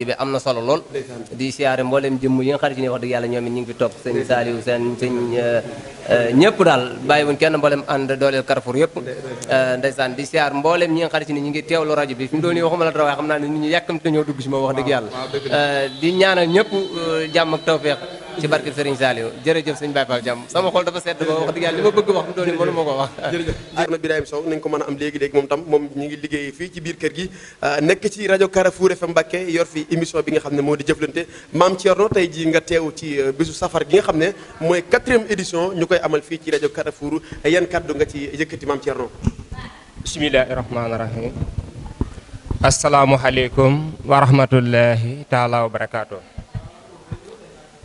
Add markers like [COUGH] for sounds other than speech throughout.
bi am na solo lool di siyaare mbooleem jëmm yi nga xarit yi ne wax dëgg yàlla ñoom it ngi fi toog sëñ Saliou seen sëñ euh, euh, ñëpp daal bàyyi wuñ kenn mbooleem ànd dooleel Carrefour yëpp euh, ndeysaan di siyaar mbooleem ñi nga xarit ni ñu ngi teewlu rajo bi fi mu doon nii waxuma dara waaye xam naa ne nit ñi ñoo dugg si moom wax dëgg yàlla ah, di ñaanal ñëpp jàmm ak tawfeex ci barke Serigne Saliou jërëjëf sëñ Baye Fall Jàmm sama xol dafa sedd ko wax dëgg yàlla li ma bëgg wax mu doon mënu ma ko wax [LAUGHS] jërëjëf na Birahim Sow nañ ko mën a am léegi-léegi moom tam moom ñu ngi liggéey fii ci biir kër gi ah, nekk ci rajo Carrefour FM Mbacké yor fi émission bi nga xam ne moo di Maam Thierno tey ji nga teew ci euh, bisu safar gi nga xam ne mooy quatrième édition ñu koy amal fii ci rajo Carrefour yan kàddu nga ci yëkkati Maam Thierno bismillahi rahmaani rahim asalaamualeykum wa rahmatullahi taala wa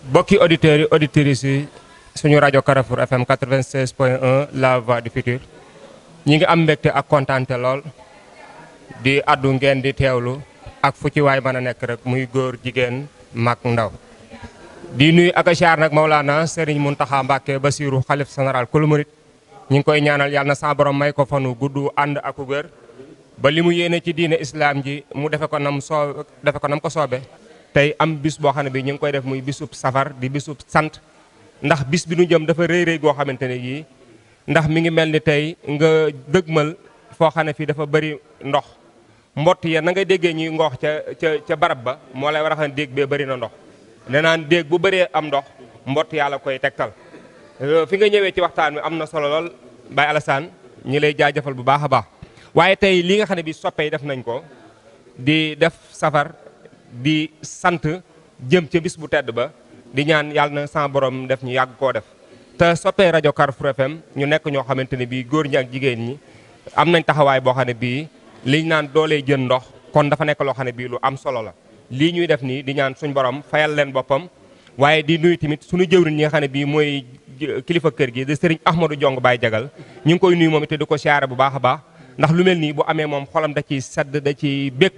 Boki auditeur yi auditrices suñu radio Carrefour FM 96.1 la voix du futur ñi nga am mbékté ak contenté lool di addu ngén di teewlu ak fu ci way mëna nek rek muy gor jigen mak ndaw di nuy ak xaar nak Maulana Serigne Muntaha Mbacké Basirou Khalif général kulu murit ñi ngi koy ñaanal Yalla na sa borom may ko fanu gudd and ak wér ba limu mu ci diiné islam ji mu défé ko nam so défé ko nam ko sobé tey am bis boo xam ne bi ñu ngi koy def muy bisub safar di bisub sant ndax bis bi nu jëm dafa rëy rëy goo xamante ne yii ndax mi ngi mel ni tey nga dëgmal foo xam ne fii dafa bëri ndox mbott ya na nga déggee ñuy ngoox ca ca ca barab ba moo lay war a xam ne bee bëri na ndox nee naan déeg bu baree am ndox mbott yaa la koy tegtal euh, fi nga ñëwee ci waxtaan wi am na solo lool Baye Alassane ñi lay jaajëfal bu baax a baax waaye tey li nga xam ne bi soppe def nañ ko di def safar di sant jëm ca bis bu tedd ba di ñaan yàlla na sa borom def ñu yàgg koo def te soppee rajo Carrefour FM ñu nekk ñoo xamante ne bii góor ñi ak jigéen ñi am nañ taxawaay boo xam ne bii li naan doolee jën ndox kon dafa nekk loo xam ne bii lu am solo la lii ñuy def nii di ñaan suñ borom fayal leen boppam waaye di nuyu tamit suñu jëwriñ ñi nga xam ne bii mooy kilifa kër gi di sëriñ Ahmadou Jong baay Jagal ñu ngi koy nuyu moom te di ko siyaare bu baax a baax ndax lu mel nii bu amee moom xolam da ciy sedd da ci bég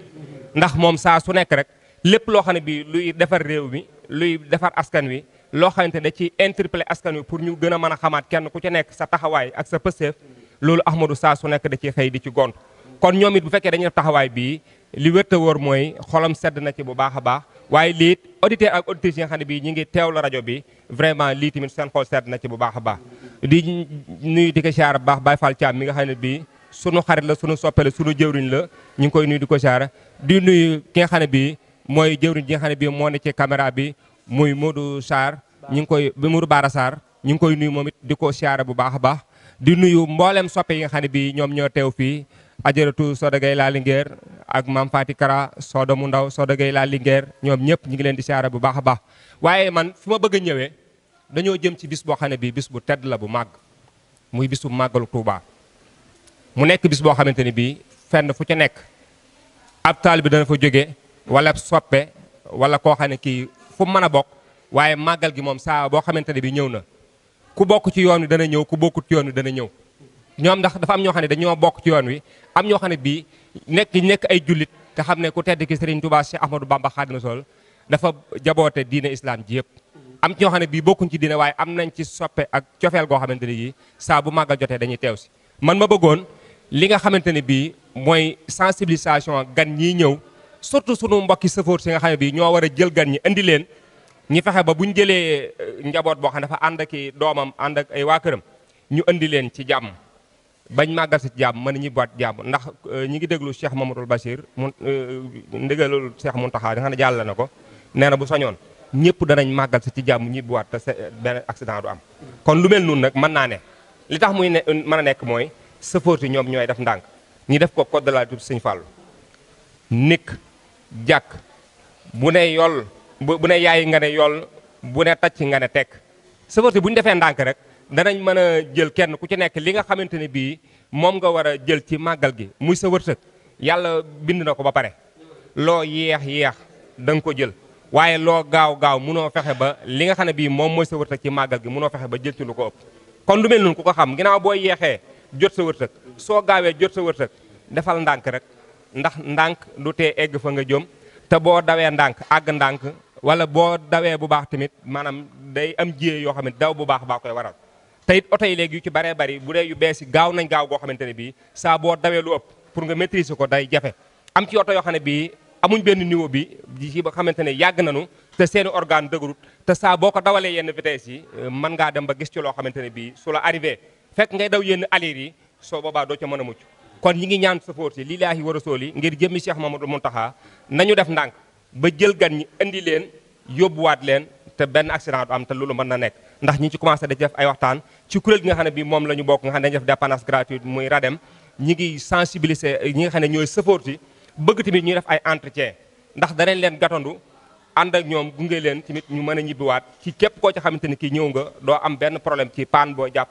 ndax moom saa su nekk rek lépp loo xam ne bii luy defar réew mi luy defar askan wi loo xamante da ci interpeller askan wi pour ñu gën a mën a xamaat kenn ku ci nekk sa taxawaay ak sa pësteef loolu Ahmadou saa su nekk da ciy xëy di ci gont kon ñoom it bu fekkee dañu def taxawaay bii li wér te mooy xolam sedd na ci bu baax a baax waaye lii auditeur ak auditrice yi nga xam ne bii ñu ngi teewlu rajo bi vraiment lii tamit seen xol sedd na ci bu baax a baax di nuyu di ko siyaar bu baax Baye Fall Thiam mi nga xam ne bii sunu xarit la sunu soppe la sunu la ñu koy nuyu di ko siyaar di nuyu ki bii Moy jëwriñ ji nga xane bi mo ne ci caméra bi moy Modou sar ñi ngi koy bi Modou Bara sar ñi ngi koy nuyu momit diko di ko bu baax baax di nuyu mbollem soppe yi nga xane bi ñom ñoo tew fi ajaratu Soda Gueye la Linguère ak mam fati Kara Soda mu ndaw Soda Gueye la Linguère ñom ñep ñi ngi leen di siara bu baax baax waye man fuma bëgg ñëwé dañoo jëm ci bis bo xane bi bis bu tedd la bu mag muy bisu màggalu Touba mu nekk bis bo xamanteni bi fenn fu ca nekk ab talib dana fa jóge wala soppe wala koo xam ne kii fu mën a bokk waaye màggal gi moom saa boo xamante ne bi ñëw na ku bokk ci yoon wi dana ñëw ku bokkut ci yoon wi dana ñëw ñoom ndax dafa am ñoo xam ne dañoo bokk ci yoon wi am ñoo xam ne bii nekk nekk ay jullit te xam ne ku tedd ki Serigne Touba Cheikh Ahmadou Bamba Khadimou Rassoul dafa jaboote diine islam ji yëpp am ci ñoo xam ne bii bokkuñ ci diine waaye am nañ ci soppe ak cofeel goo xamante ne yi saa bu màggal jotee dañuy teew si man ma bëggoon li nga xamante ne bii mooy sensibilisation gan ñii ñëw surtout sunu mbokki sëfoor si nga xam ne bii ñoo war a jël gan ñi indi ñi fexe ba bu ñu jëlee euh, njaboot boo xam ne dafa ànd ak doomam ànd ak ay waa këram ñu indi leen ci jàmm bañ màggal si jàmm mën nañu baat jàmm ndax euh, ñi ngi déglu Cheikh Mamadou Bachir mu euh, ndigalul Cheikh Mountakha nga xam ne jàll na ko neena bu soñoon ñëpp danañ màggal si ci jàmm ñi buwaat te benn accident du am. kon lu mel noonu nag mën naa ne li tax muy ne mën a nekk mooy sëfoor si ñoom ñooy def ndànk ñi def ko code la route Sëñ Fallou jàkk bu ne yool bu ne yaay nga ne yool bu ne tacc nga ne tekk safar si bu ñu defee ndànk rek danañ mën a jël kenn ku ci nekk li nga xamante ni bii moom nga war a jël ci màggal gi muy sa wërsëg yàlla bind na ko ba pare loo yeex yeex da nga ko jël waaye loo gaaw gaaw munoo fexe ba li nga xam ne bii moom mooy sa wërsëg ci màggal gi munoo fexe ba jël ci lu ko ëpp kon lu mel noonu ku ko xam ginnaaw boo yeexee jot sa wërsëg soo gaawee jot sa wërsëg defal ndànk rek ndax ndànk lu tee egg fa nga jëm te boo dawee ndànk àgg ndànk wala boo dawee bu baax tamit maanaam day am jiyee yoo xam ne daw bu baax baa koy waral te it oto yi léegi yu ci baree bari bu dee yu bees yi gaaw nañ gaaw goo xamante ne bii saa boo dawee lu ëpp pour nga maîtriser ko day jafe am ci oto yoo xam ne bii amuñ benn niveau bi ci ba xamante ne yàgg nañu te seeni organe dëgërut te saa boo ko dawalee yenn vitesse yi euh, mën ngaa dem ba gis ci loo xamante ne bii su la arrivé fekk ngay daw yenn alir yi soo boobaa doo ca mën a mucc kon ñi ngi ñaan support yi lillaahi wa rasuli ngir jëmmi Cheikh Mamadou muntaha nañu def ndank ba jël gan ñi indi leen wat leen te ben accident am te lolu mën na nek ndax ñi ci commencé dañu def ay waxtaan ci kurel gi nga xam bi mom lañu bok nga xam ne dañu def dépendance gratuite muy radem ñi ngi sensibiliser ñi nga xam ñoy ñooy support bëgg timit ñuy def ay entretien ndax danañ leen gatondu and ak ñom gungé leen timit ñu mëna a wat ci képp ko ci xamanteni ki ñew nga do am ben problème ci pan bo japp